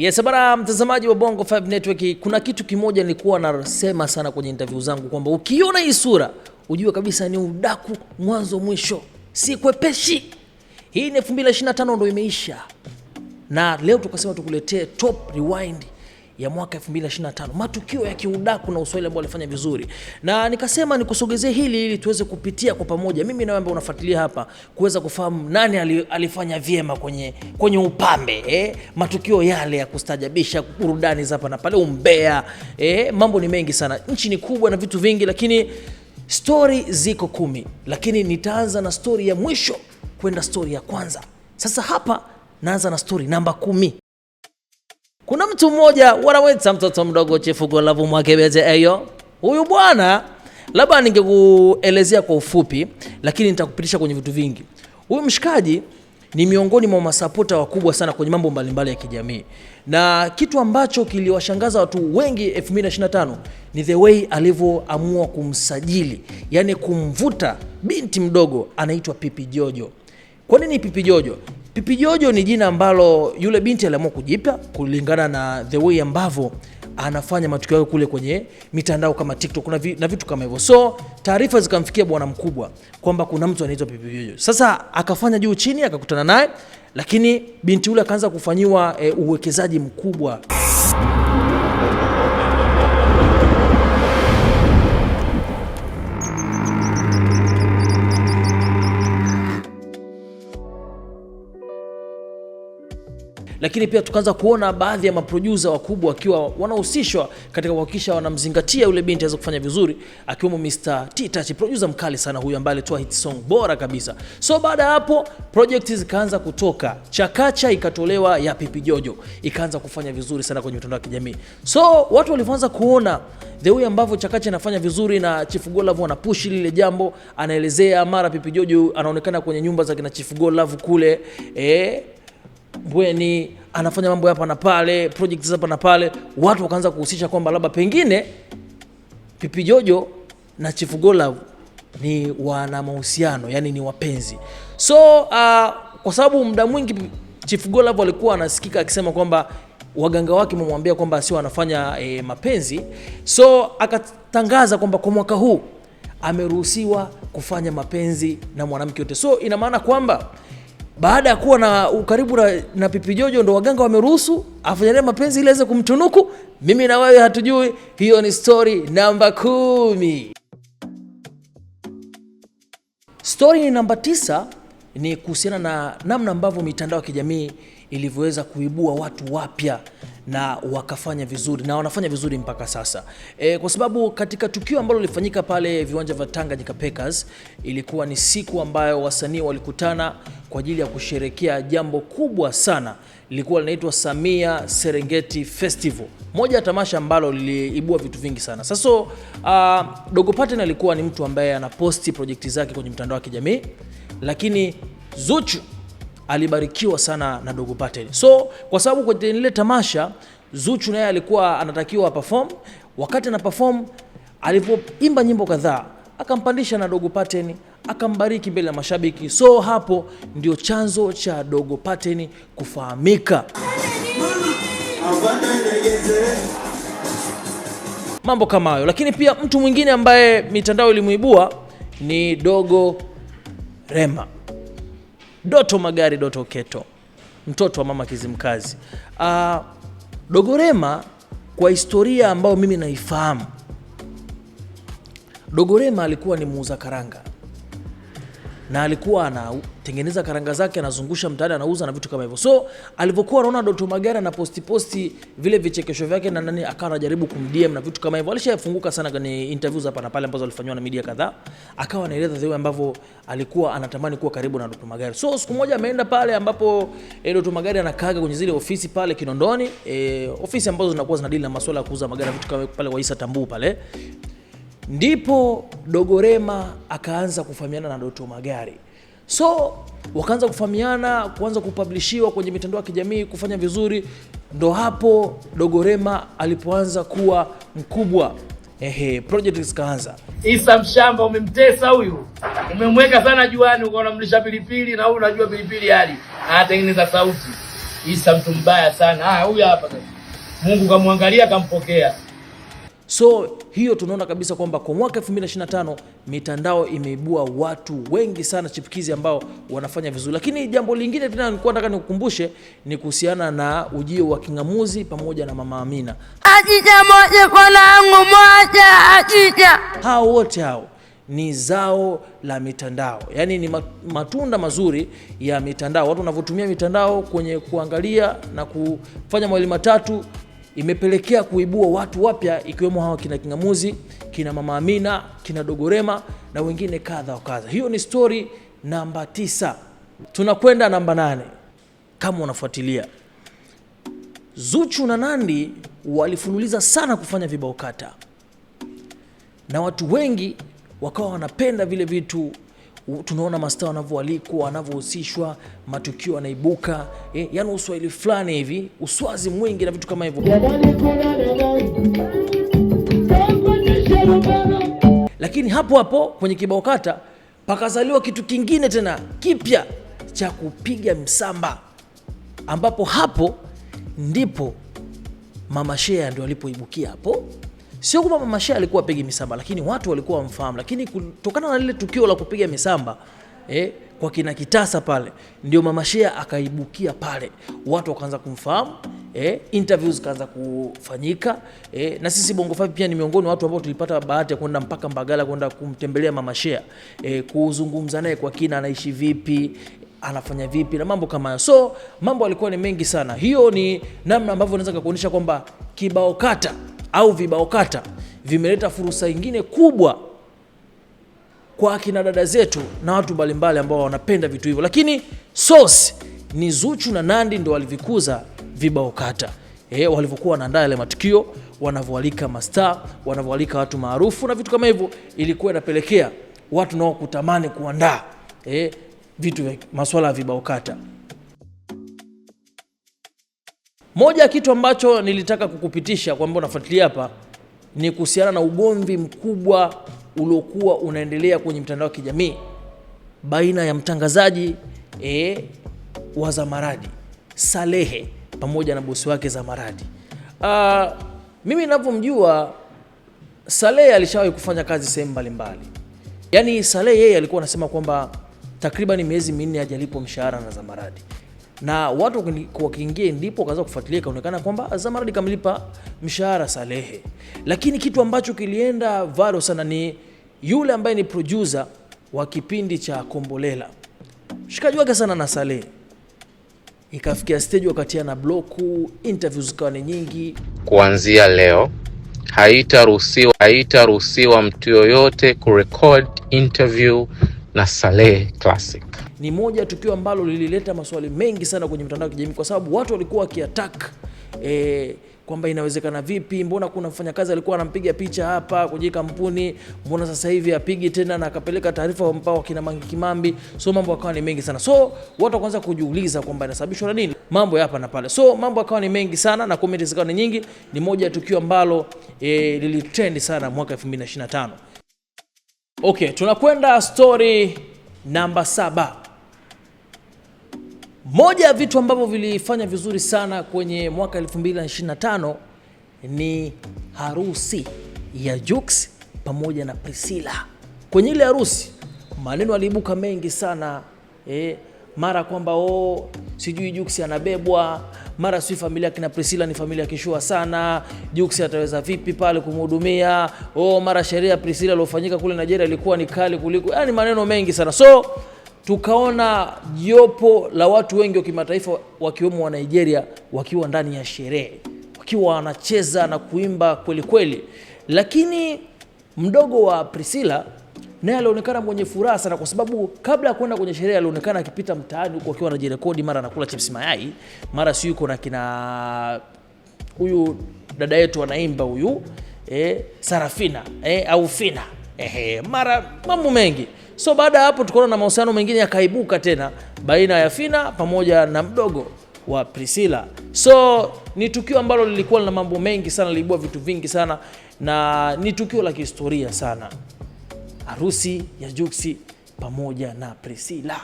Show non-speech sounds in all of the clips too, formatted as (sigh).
Yes, bana mtazamaji wa Bongo 5 Network, kuna kitu kimoja nilikuwa nasema sana kwenye interview zangu kwamba ukiona hii sura ujue kabisa ni udaku mwanzo mwisho, si kwepeshi. Hii ni 2025 ndo imeisha, na leo tukasema tukuletee top rewind ya mwaka 2025, matukio ya kiudaku na uswahili ambao walifanya vizuri, na nikasema nikusogezee hili ili tuweze kupitia kwa pamoja, mimi na wewe unafuatilia hapa, kuweza kufahamu nani alifanya vyema kwenye, kwenye upambe eh? matukio yale ya kustajabisha, burudani za hapa na pale, umbea eh? mambo ni mengi sana, nchi ni kubwa na vitu vingi, lakini stori ziko kumi, lakini nitaanza na stori ya mwisho kwenda stori ya kwanza. Sasa hapa naanza na stori namba kumi. Kuna mtu mmoja wanaweta mtoto mdogo chifugo lavu mwakebeze eyo. Huyu bwana labda ningekuelezea kwa ufupi, lakini nitakupitisha kwenye vitu vingi. Huyu mshikaji ni miongoni mwa masapota wakubwa sana kwenye mambo mbalimbali ya kijamii, na kitu ambacho kiliwashangaza watu wengi 225 ni the way alivyoamua kumsajili, yani kumvuta binti mdogo anaitwa Pipi Jojo. Kwa nini Pipi Jojo? Pipi Jojo ni jina ambalo yule binti aliamua kujipa kulingana na the way ambavyo anafanya matukio yake kule kwenye mitandao kama TikTok na, vi, na vitu kama hivyo. So taarifa zikamfikia bwana mkubwa kwamba kuna mtu anaitwa Pipi Jojo. Sasa akafanya juu chini, akakutana naye, lakini binti yule akaanza kufanyiwa e, uwekezaji mkubwa lakini pia tukaanza kuona baadhi ya maproducer wakubwa wakiwa wanahusishwa katika kuhakikisha wanamzingatia yule binti aweze kufanya vizuri, akiwemo Mr. T Touch, producer mkali sana huyu ambaye alitoa hit song bora kabisa. So baada ya hapo project zikaanza kutoka, Chakacha ikatolewa ya Pipi Jojo ikaanza kufanya vizuri sana kwenye mitandao ya kijamii. So watu walivyoanza kuona the way ambavyo Chakacha anafanya vizuri na Chief Go Godlove anapush lile jambo, anaelezea mara Pipi Jojo anaonekana kwenye nyumba za kina Chief Go Love kule eh bweni, anafanya mambo hapa na pale, projects hapa na pale. Watu wakaanza kuhusisha kwamba labda pengine Pipi Jojo na Chief Golavu ni wana mahusiano, yani ni wapenzi. So uh, kwa sababu muda mwingi Chief Golavu alikuwa anasikika akisema kwamba waganga wake wamemwambia kwamba sio anafanya e, mapenzi. So akatangaza kwamba kwa mwaka huu ameruhusiwa kufanya mapenzi na mwanamke yote. So ina maana kwamba baada ya kuwa na ukaribu na, na Pipi Jojo ndo waganga wameruhusu afanyane mapenzi ili aweze kumtunuku. Mimi na wewe hatujui. Hiyo ni stori namba kumi. Stori namba tisa ni kuhusiana na namna ambavyo mitandao ya kijamii ilivyoweza kuibua watu wapya na wakafanya vizuri na wanafanya vizuri mpaka sasa e, kwa sababu katika tukio ambalo lilifanyika pale viwanja vya Tanganyika Packers, ilikuwa ni siku ambayo wasanii walikutana kwa ajili ya kusherekea jambo kubwa sana, lilikuwa linaitwa Samia Serengeti Festival, moja ya tamasha ambalo liliibua vitu vingi sana. Sasa uh, Dogo Paten alikuwa ni mtu ambaye anaposti projekti zake kwenye mtandao wa kijamii, lakini Zuchu alibarikiwa sana na Dogo Paten. So kwa sababu kwenye lile tamasha Zuchu naye alikuwa anatakiwa perform, wakati ana perform alipoimba nyimbo kadhaa akampandisha na Dogo Pateni akambariki mbele ya mashabiki. So hapo ndio chanzo cha Dogo Pateni kufahamika. Mambo kama hayo, lakini pia mtu mwingine ambaye mitandao ilimuibua ni Dogo Rema. Doto Magari, Doto Keto, mtoto wa mama Kizimkazi. Uh, Dogorema kwa historia ambayo mimi naifahamu, Dogorema alikuwa ni muuza karanga na alikuwa anatengeneza karanga zake, anazungusha mtaani, anauza na vitu kama hivyo. So alivyokuwa anaona Doto Magari na posti posti vile vichekesho vyake na nani, akawa anajaribu kumdm na vitu kama hivyo. Alishafunguka sana kwenye interviews hapa na pale ambazo alifanywa na media kadhaa, akawa anaeleza zile ambavyo alikuwa anatamani kuwa karibu na Doto Magari. So siku moja ameenda pale ambapo eh, Doto Magari anakaaga kwenye zile ofisi pale Kinondoni, eh, ofisi ambazo zinakuwa zinadili na masuala ya kuuza magari na vitu kama pale kwa Isa Tambu pale ndipo Dogorema akaanza kufahamiana na Doto Magari, so wakaanza kufahamiana, kuanza kupublishiwa kwenye mitandao ya kijamii, kufanya vizuri. Ndo hapo Dogorema alipoanza kuwa mkubwa. Ehe, project zikaanza. Isa Mshamba, umemtesa huyu, umemweka sana juani, ukaona mlisha pilipili na huyu, unajua pilipili hali anatengeneza sauti. Isa mtu mbaya sana. Ah, huyu hapa Mungu kamwangalia, kampokea So hiyo tunaona kabisa kwamba kwa mwaka 2025 mitandao imeibua watu wengi sana chipukizi ambao wanafanya vizuri, lakini jambo lingine tena nilikuwa nataka nikukumbushe ni kuhusiana na ujio wa King'amuzi pamoja na Mama Amina. Ajija moja langu moja ajija, hao wote hao ni zao la mitandao, yaani ni matunda mazuri ya mitandao, watu wanavyotumia mitandao kwenye kuangalia na kufanya mawili matatu imepelekea kuibua watu wapya ikiwemo hawa kina King'amuzi, kina Mama Amina, kina Dogorema na wengine kadha wa kadha. Hiyo ni stori namba tisa. Tunakwenda namba nane. Kama unafuatilia Zuchu na Nandi walifululiza sana kufanya vibao kata na watu wengi wakawa wanapenda vile vitu tunaona masta wanavyoalikwa, wanavyohusishwa, matukio yanaibuka eh, yani uswahili fulani hivi, uswazi mwingi na vitu kama hivyo lakini hapo hapo kwenye kibao kata pakazaliwa kitu kingine tena kipya cha kupiga msamba, ambapo hapo ndipo Mama Shea ndio alipoibukia hapo. Sio kwamba Mama Shea alikuwa apige misamba, lakini watu walikuwa wamfahamu, lakini kutokana na lile tukio la kupiga misamba eh, kwa kina Kitasa pale ndio Mama Shea akaibukia pale, watu wakaanza kumfahamu eh, interviews kaanza kufanyika eh, na sisi Bongo 5 pia ni miongoni watu ambao tulipata bahati ya kwenda mpaka Mbagala kwenda kumtembelea Mama Shea eh, kuzungumza naye kwa kina, anaishi vipi anafanya vipi na mambo kama hayo. So mambo alikuwa ni mengi sana. Hiyo ni namna ambavyo naweza kuonyesha kwamba kibao kata au vibao kata vimeleta fursa nyingine kubwa kwa akina dada zetu na watu mbalimbali ambao wanapenda vitu hivyo, lakini source ni Zuchu na Nandi ndio walivikuza vibao kata e, eh, walivyokuwa wanaandaa yale matukio, wanavyoalika mastaa, wanavyoalika watu maarufu na vitu kama hivyo, ilikuwa inapelekea watu nao kutamani kuandaa e, vitu vya masuala ya vibao kata. Moja ya kitu ambacho nilitaka kukupitisha kwamba unafuatilia hapa ni kuhusiana na ugomvi mkubwa uliokuwa unaendelea kwenye mtandao wa kijamii baina ya mtangazaji e, wa Zamaradi Salehe pamoja na bosi wake Zamaradi. Uh, mimi ninavyomjua Salehe alishawahi kufanya kazi sehemu mbalimbali. Yaani Salehe yeye alikuwa anasema kwamba takriban miezi minne hajalipwa mshahara na Zamaradi na watu wakiingia, ndipo wakaanza kufuatilia, ikaonekana kwamba Zamaradi kamlipa mshahara Salehe. Lakini kitu ambacho kilienda viral sana ni yule ambaye ni producer wa kipindi cha Kombolela, mshikaji wake sana na Salehe. Ikafikia stage wakatia na bloku, interview zikawa ni nyingi. Kuanzia leo haitaruhusiwa haitaruhusiwa mtu yoyote kurecord interview na Salehe Classic ni moja ya tukio ambalo lilileta maswali mengi sana kwenye mitandao ya kijamii kwa sababu watu walikuwa wakiattack e, kwamba inawezekana vipi? Mbona kuna mfanyakazi alikuwa anampiga picha hapa kwenye kampuni, mbona sasa hivi apigi tena? Na akapeleka taarifa mpaka wakina Mange Kimambi, so mambo yakawa ni mengi sana. So watu wakaanza kujiuliza kwamba inasababishwa na nini mambo ya hapa na pale, so mambo yakawa ni mengi sana na comment zikawa ni nyingi. Ni moja ya tukio ambalo e, eh, lilitrend sana mwaka 2025. Okay, tunakwenda story namba saba. Moja ya vitu ambavyo vilifanya vizuri sana kwenye mwaka 2025 ni harusi ya Jux pamoja na Priscilla. Kwenye ile harusi maneno aliibuka mengi sana eh, mara kwamba oh, sijui Jux anabebwa, mara sijui familia kina Priscilla ni familia kishua sana, Jux ataweza vipi pale kumhudumia? Oh, mara sheria ya Priscilla iliyofanyika kule Nigeria ilikuwa ni kali kuliko, yani maneno mengi sana so tukaona jopo la watu wengi wa kimataifa wakiwemo wa Nigeria wakiwa ndani ya sherehe wakiwa wanacheza na kuimba kweli kweli, lakini mdogo wa Priscilla naye alionekana mwenye furaha sana, kwa sababu kabla ya kwenda kwenye sherehe alionekana akipita mtaani huko akiwa anajirekodi, mara anakula chips mayai, mara si yuko na kina huyu dada yetu anaimba huyu eh, Sarafina eh, au Fina eh, mara mambo mengi So baada ya hapo tukaona na mahusiano mengine yakaibuka tena baina ya Fina pamoja na mdogo wa Priscilla. So ni tukio ambalo lilikuwa lina mambo mengi sana, liibua vitu vingi sana na ni tukio la kihistoria sana, harusi ya Jux pamoja na Priscilla.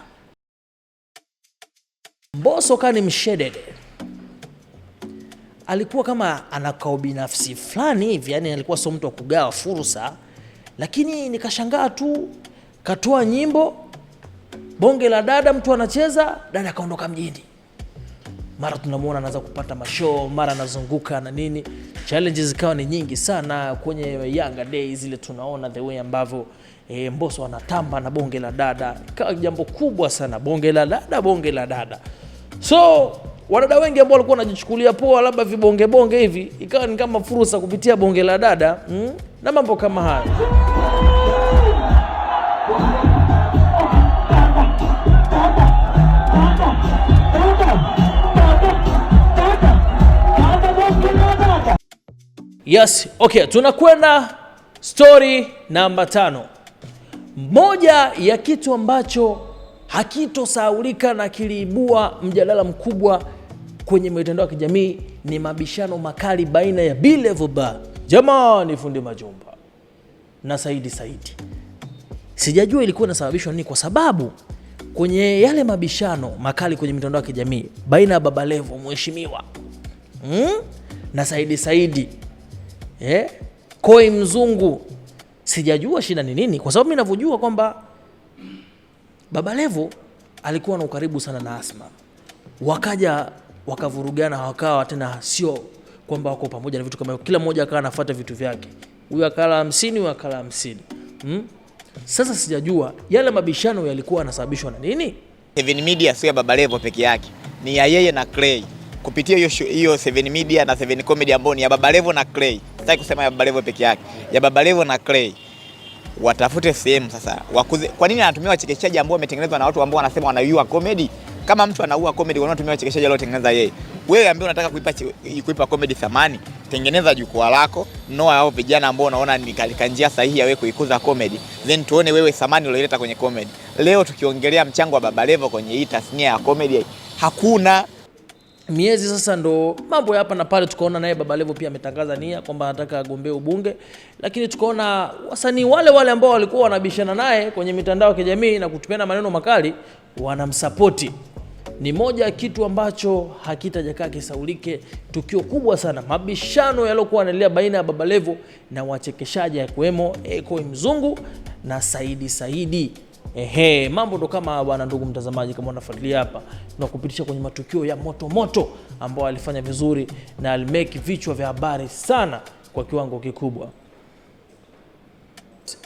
Mbosso kani mshedede alikuwa kama anakao binafsi fulani hivi, yani alikuwa sio mtu wa kugawa fursa, lakini nikashangaa tu katoa nyimbo bonge la dada, mtu anacheza dada akaondoka mjini, mara tunamwona anaanza kupata mashoo, mara anazunguka na nini. Challenges zikawa ni nyingi sana kwenye Yanga Day zile, tunaona the way ambavyo e, Mbosso anatamba na bonge la dada, ikawa jambo kubwa sana, bonge la dada, bonge la dada. So wadada wengi ambao walikuwa wanajichukulia poa, labda vibonge bonge hivi, ikawa ni kama fursa kupitia bonge la dada mm, na mambo kama hayo. Yes, okay, tunakwenda stori namba tano. Moja ya kitu ambacho hakitosahaulika na kiliibua mjadala mkubwa kwenye mitandao ya kijamii ni mabishano makali baina ya Billevyoba, jamani, Fundi Majomba na Saidi Saidi. Sijajua ilikuwa inasababishwa nini, kwa sababu kwenye yale mabishano makali kwenye mitandao ya kijamii baina ya Baba Levo mheshimiwa mm, na Saidi Saidi eh, Koi Mzungu, sijajua shida ni nini, kwa sababu mimi ninavyojua kwamba Baba Levo alikuwa na ukaribu sana na Asma, wakaja wakavurugana, wakawa tena sio kwamba wako pamoja na vitu kama hivyo, kila mmoja akawa anafuata vitu vyake, huyu akala 50 huyu akala 50 mm? Sasa sijajua yale mabishano yalikuwa yanasababishwa na nini. Seven Media sio ya Baba Levo peke yake, ni ya yeye na Clay kupitia hiyo hiyo Seven Media na Seven Comedy ambao ni ya Baba Levo na Clay. Sitaki kusema ya Baba Levo peke yake, ya Baba Levo na Clay watafute sehemu sasa wakuze. Kwa nini anatumia wachekeshaji ambao wametengenezwa na watu ambao wanasema wanaua comedy? Kama mtu anaua comedy, wanatumia wachekeshaji waliotengeneza yeye. Wewe ambaye unataka kuipa kuipa comedy thamani tengeneza jukwaa lako, noa hao vijana ambao unaona ni katika njia sahihi ya wewe kuikuza comedy, then tuone wewe thamani uliyoleta kwenye comedy. Leo tukiongelea mchango wa Baba Levo kwenye hii tasnia ya comedy hakuna miezi sasa, ndo mambo ya hapa na pale. Tukaona naye Baba Levo pia ametangaza nia kwamba anataka agombee ubunge, lakini tukaona wasanii wale wale ambao walikuwa wanabishana naye kwenye mitandao ya kijamii na kutupiana maneno makali wanamsapoti ni moja ya kitu ambacho hakitajakaa kisaulike. Tukio kubwa sana, mabishano yaliokuwa yanaendelea baina ya Levo na wachekeshaji akiwemo Eko Mzungu na Saidi Saidi. Ehe, mambo ndo kama bwana. Ndugu mtazamaji, kama unafuatilia hapa, tunakupitisha kwenye matukio ya motomoto ambayo alifanya vizuri na alimeki vichwa vya habari sana kwa kiwango kikubwa.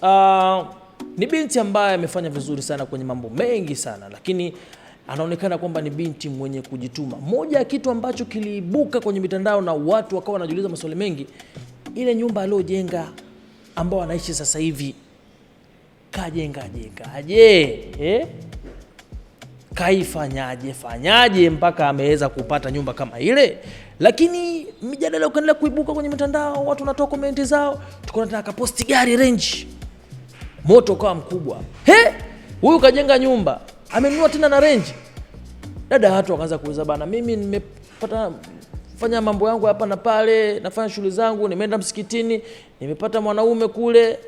Uh, ni binti ambaye amefanya vizuri sana kwenye mambo mengi sana, lakini anaonekana kwamba ni binti mwenye kujituma. Moja ya kitu ambacho kiliibuka kwenye mitandao na watu wakawa wanajiuliza maswali mengi, ile nyumba aliyojenga ambao anaishi sasa hivi jenga aje eh? Kaifanyaje fanyaje mpaka ameweza kupata nyumba kama ile? Lakini mjadala ukaendelea kuibuka kwenye mitandao, watu wanatoa komenti zao, tuko nataka posti gari range, moto ukawa mkubwa, he, huyu kajenga nyumba amenunua tena na renji. Dada watu wakaanza kuuliza bana, mimi nimepata fanya mambo yangu hapa na pale, nafanya shughuli zangu, nimeenda msikitini, nimepata mwanaume kule,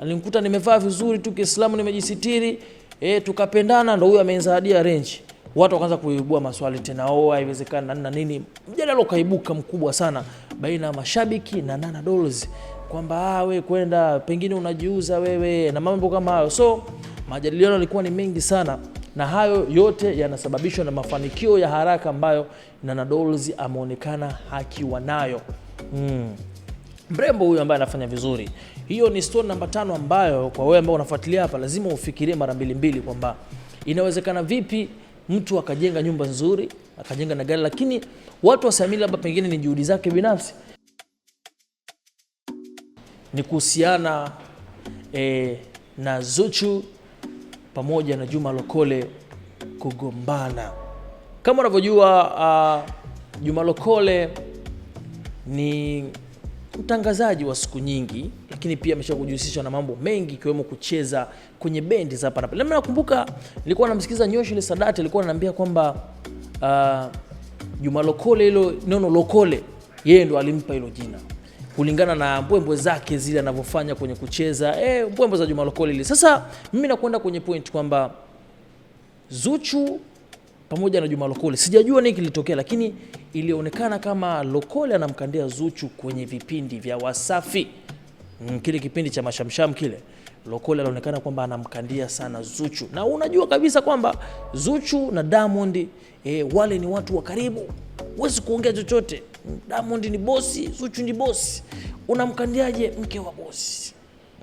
alinikuta nimevaa vizuri tu Kiislamu, nimejisitiri eh, tukapendana, ndo huyo amenizawadia renji. Watu wakaanza kuibua maswali tena, oh, ah, haiwezekani na nini. Mjadala ukaibuka mkubwa sana baina ya mashabiki na Nana Dolls kwamba wewe ah, kwenda pengine unajiuza wewe na mambo kama hayo, so Majadiliano yalikuwa ni mengi sana, na hayo yote yanasababishwa na mafanikio ya haraka ambayo Nana Dolls ameonekana akiwa nayo mm. Mrembo huyu ambaye anafanya vizuri. Hiyo ni story namba tano ambayo kwa wewe ambao unafuatilia hapa lazima ufikirie mara mbili mbili kwamba inawezekana vipi mtu akajenga nyumba nzuri, akajenga na gari lakini watu wasiamini labda pengine ni juhudi zake binafsi. Ni kuhusiana eh, na Zuchu pamoja na Juma Lokole kugombana. Kama unavyojua uh, Juma Lokole ni mtangazaji wa siku nyingi, lakini pia amesha kujihusisha na mambo mengi ikiwemo kucheza kwenye bendi za hapa na pale. Nakumbuka nilikuwa namsikiliza Nyosho ile Sadati alikuwa ananiambia kwamba uh, Juma Lokole hilo neno Lokole yeye ndo alimpa hilo jina kulingana na mbwembwe zake zile anavyofanya kwenye kucheza e, mbwembwe za Juma Lokole ile. Sasa mimi nakwenda kwenye point kwamba Zuchu pamoja na Juma Lokole, sijajua nini kilitokea, lakini ilionekana kama Lokole anamkandia Zuchu kwenye vipindi vya Wasafi mm, kile kipindi cha mashamsham kile Lokole alionekana kwamba anamkandia sana Zuchu, na unajua kabisa kwamba Zuchu na Diamond e, wale ni watu wa karibu, huwezi kuongea chochote Diamond ni bosi, Zuchu ni bosi, unamkandiaje mke wa bosi?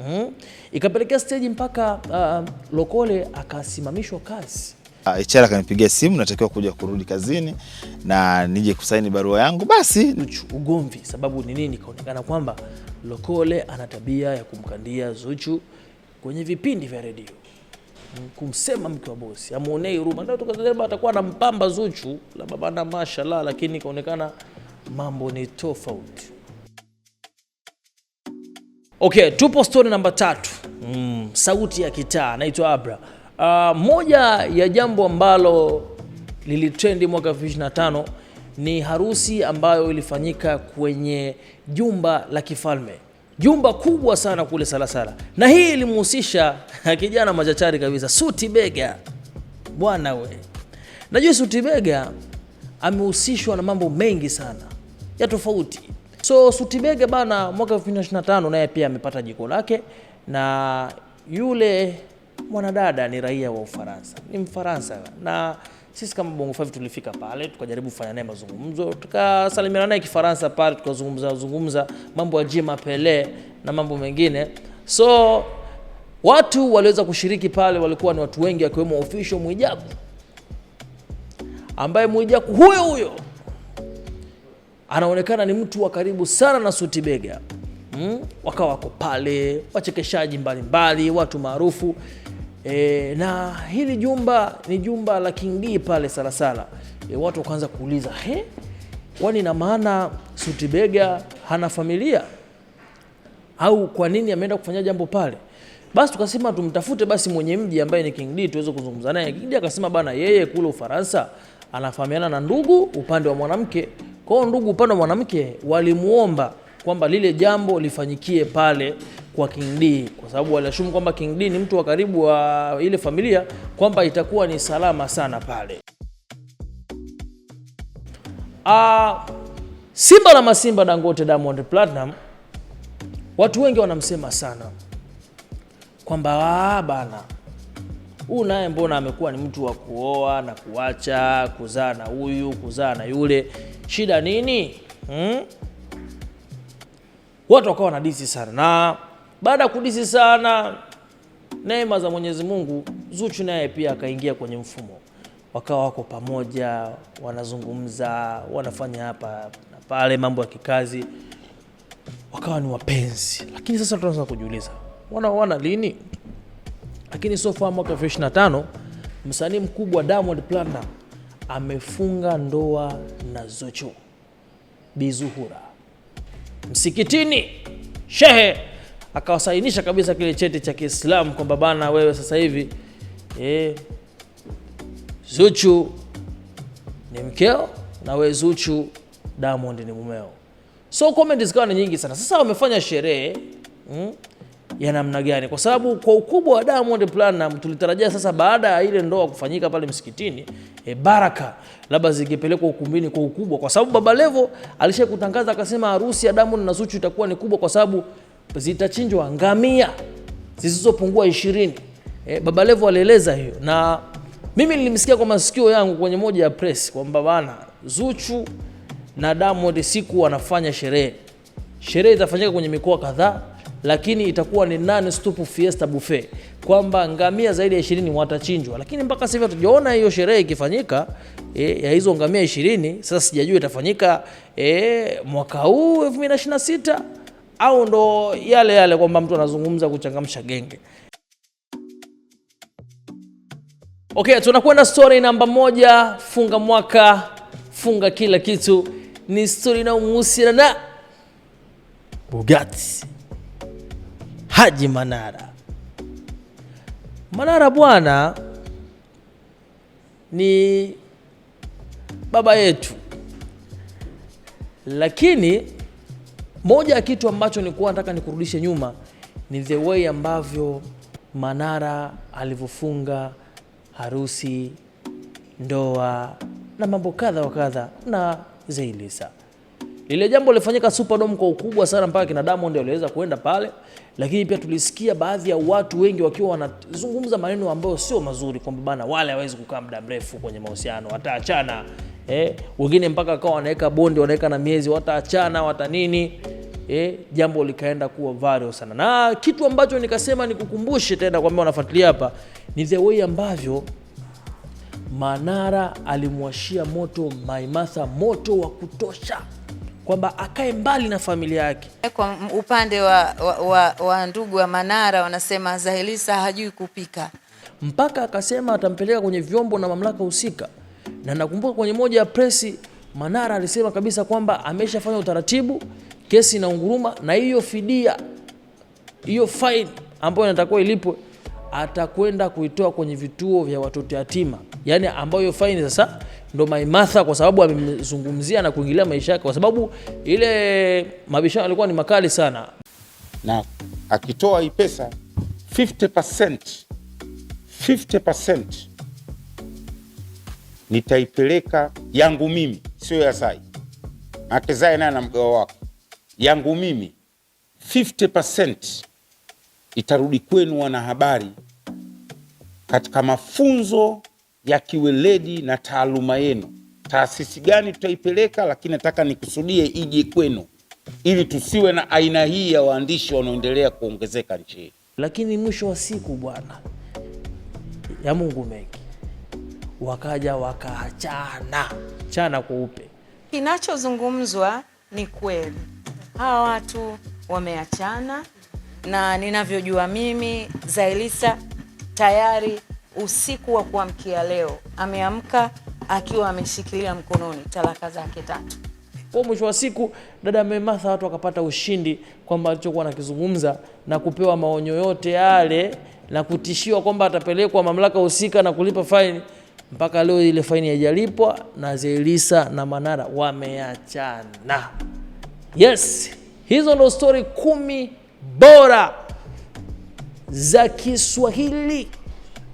Mm. Ikapelekea stage mpaka uh, Lokole akasimamishwa kazi. HR ah, akanipigia simu, natakiwa kuja kurudi kazini na nije kusaini barua yangu. Basi ugomvi, sababu ni nini? Kaonekana kwamba Lokole ana tabia ya kumkandia Zuchu kwenye vipindi vya redio, hmm, kumsema mke wa bosi, amuonei huruma, ndio atakuwa anampamba Zuchu, la baba na mashallah, lakini kaonekana mambo ni tofauti. Okay, tupo story namba tatu. Mm, sauti ya kitaa naitwa Abra. Uh, moja ya jambo ambalo lilitrendi mwaka 2025 ni harusi ambayo ilifanyika kwenye jumba la kifalme, jumba kubwa sana kule Salasala, na hii ilimhusisha (laughs) kijana machachari kabisa Suti Bega. Bwana we, najua Suti Bega amehusishwa na mambo mengi sana ya tofauti. So Sutibege bana, mwaka 2025 naye pia amepata jiko lake, na yule mwanadada ni raia wa Ufaransa, ni Mfaransa, na sisi kama Bongo 5 tulifika pale tukajaribu kufanya naye mazungumzo, tukasalimiana naye Kifaransa pale, tukazungumza zungumza mambo ya Jima Pele na mambo mengine. So watu waliweza kushiriki pale, walikuwa ni watu wengi, akiwemo official Mwijaku ambaye Mwijaku huyo huyo anaonekana ni mtu wa karibu sana na Suti Bega hmm? Wakawa wako pale wachekeshaji mbalimbali, mbali, watu maarufu e, na hili jumba ni jumba la King D pale Salasala e, watu wakaanza kuuliza he, kwani na maana Suti Bega hana familia au kwa nini ameenda kufanya jambo pale? Basi tukasema tumtafute basi mwenye mji ambaye ni King D tuweze kuzungumza naye. King D akasema bana, yeye kule Ufaransa anafahamiana na ndugu upande wa mwanamke kwa hiyo ndugu, upande wa mwanamke walimuomba kwamba lile jambo lifanyikie pale kwa King D, kwa sababu waliashumu kwamba King D ni mtu wa karibu wa ile familia, kwamba itakuwa ni salama sana pale. Ah, Simba la Masimba Dangote Diamond Platinum, watu wengi wanamsema sana kwamba ah, bana huyu naye mbona amekuwa ni mtu wa kuoa na kuacha, kuzaa na huyu kuzaa na yule, shida nini? hmm? Watu wakawa na disi sana, na baada ya kudisi sana, neema za Mwenyezi Mungu, Zuchu naye pia akaingia kwenye mfumo, wakawa wako pamoja, wanazungumza, wanafanya hapa na pale, mambo ya kikazi, wakawa ni wapenzi. Lakini sasa tunaanza kujiuliza, wana wana lini? Lakini so far mwaka 25 msanii mkubwa Diamond Platnumz amefunga ndoa na Zuchu bizuhura msikitini, shehe akawasainisha kabisa kile cheti cha Kiislamu kwamba bana, wewe sasa hivi eh, Zuchu ni mkeo na we Zuchu Diamond ni mumeo. So comment zikawa ni nyingi sana. Sasa wamefanya sherehe mm? ya namna gani, kwa sababu kwa ukubwa wa Diamond Platnumz tulitarajia sasa baada ya ile ndoa kufanyika pale msikitini e, baraka labda zingepelekwa ukumbini kwa ukubwa, kwa sababu Baba Levo alishakutangaza akasema harusi ya Diamond na Zuchu itakuwa ni kubwa, kwa sababu zitachinjwa ngamia zisizopungua ishirini. E, Baba Levo alieleza hiyo, na mimi nilimsikia kwa masikio yangu kwenye moja ya press kwamba bana Zuchu na Diamond siku wanafanya sherehe, sherehe itafanyika kwenye mikoa kadhaa lakini itakuwa ni non stop fiesta buffet, kwamba ngamia zaidi ya 20 watachinjwa, lakini mpaka sasa hivi hatujaona hiyo sherehe ikifanyika e, ya hizo ngamia 20. Sasa sijajua itafanyika e, mwaka huu 2026 au ndo yale yale kwamba mtu anazungumza kuchangamsha genge. Okay, tunakwenda story namba moja. Funga mwaka, funga kila kitu, ni story inayohusiana na Bugatti. Haji Manara. Manara bwana ni baba yetu, lakini moja ya kitu ambacho nikuwa nataka nikurudishe nyuma ni the way ambavyo Manara alivyofunga harusi, ndoa na mambo kadha wa kadha na zeilisa Lile jambo lilifanyika Superdome kwa ukubwa sana mpaka kina Diamond aliweza kuenda pale lakini pia tulisikia baadhi ya watu wengi wakiwa wanazungumza maneno ambayo sio mazuri, kwamba bana wale hawezi kukaa muda mrefu kwenye mahusiano, wataachana. Eh, wengine mpaka akawa wanaweka bondi wanaweka na miezi, wataachana wata nini. Eh, jambo likaenda kuwa viral sana, na kitu ambacho nikasema nikukumbushe tena kwamba wanafuatilia hapa ni the way ambavyo Manara alimwashia moto maimatha moto wa kutosha kwamba akae mbali na familia yake. Kwa upande wa, wa, wa, wa ndugu wa Manara wanasema Zahilisa hajui kupika, mpaka akasema atampeleka kwenye vyombo na mamlaka husika. Na nakumbuka kwenye moja ya presi Manara alisema kabisa kwamba ameshafanya utaratibu, kesi inaunguruma, na hiyo fidia hiyo fine ambayo inatakiwa ilipwe atakwenda kuitoa kwenye vituo vya watoto yatima, yani ambayo faini sasa ndo maimatha kwa sababu amemzungumzia na kuingilia maisha yake, kwa sababu ile mabishano alikuwa ni makali sana, na akitoa hii pesa 50%, 50% nitaipeleka yangu mimi, sio ya Zai ake Zai naye na mgao wako yangu mimi 50% itarudi kwenu wanahabari katika mafunzo ya kiweledi na taaluma yenu. Taasisi gani tutaipeleka, lakini nataka nikusudie ije kwenu ili tusiwe na aina hii ya waandishi wanaoendelea kuongezeka nchi hii. Lakini mwisho wa siku, bwana ya Mungu mengi, wakaja wakaachana chana kweupe. Kinachozungumzwa ni kweli, hawa watu wameachana na ninavyojua mimi Zailisa tayari usiku wa kuamkia leo ameamka akiwa ameshikilia mkononi talaka zake tatu. Kwa mwisho wa siku, dada Mematha watu wakapata ushindi kwamba alichokuwa anakizungumza na kupewa maonyo yote yale na kutishiwa kwamba atapelekwa mamlaka husika na kulipa faini. Mpaka leo ile faini haijalipwa na Zailisa na Manara wameachana. Yes, hizo ndo stori kumi bora za Kiswahili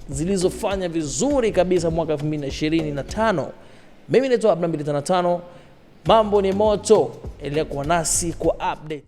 zilizofanya vizuri kabisa mwaka 2025. Mimi naitwa Abdul 255, mambo ni moto, endelea kuwa nasi kwa update.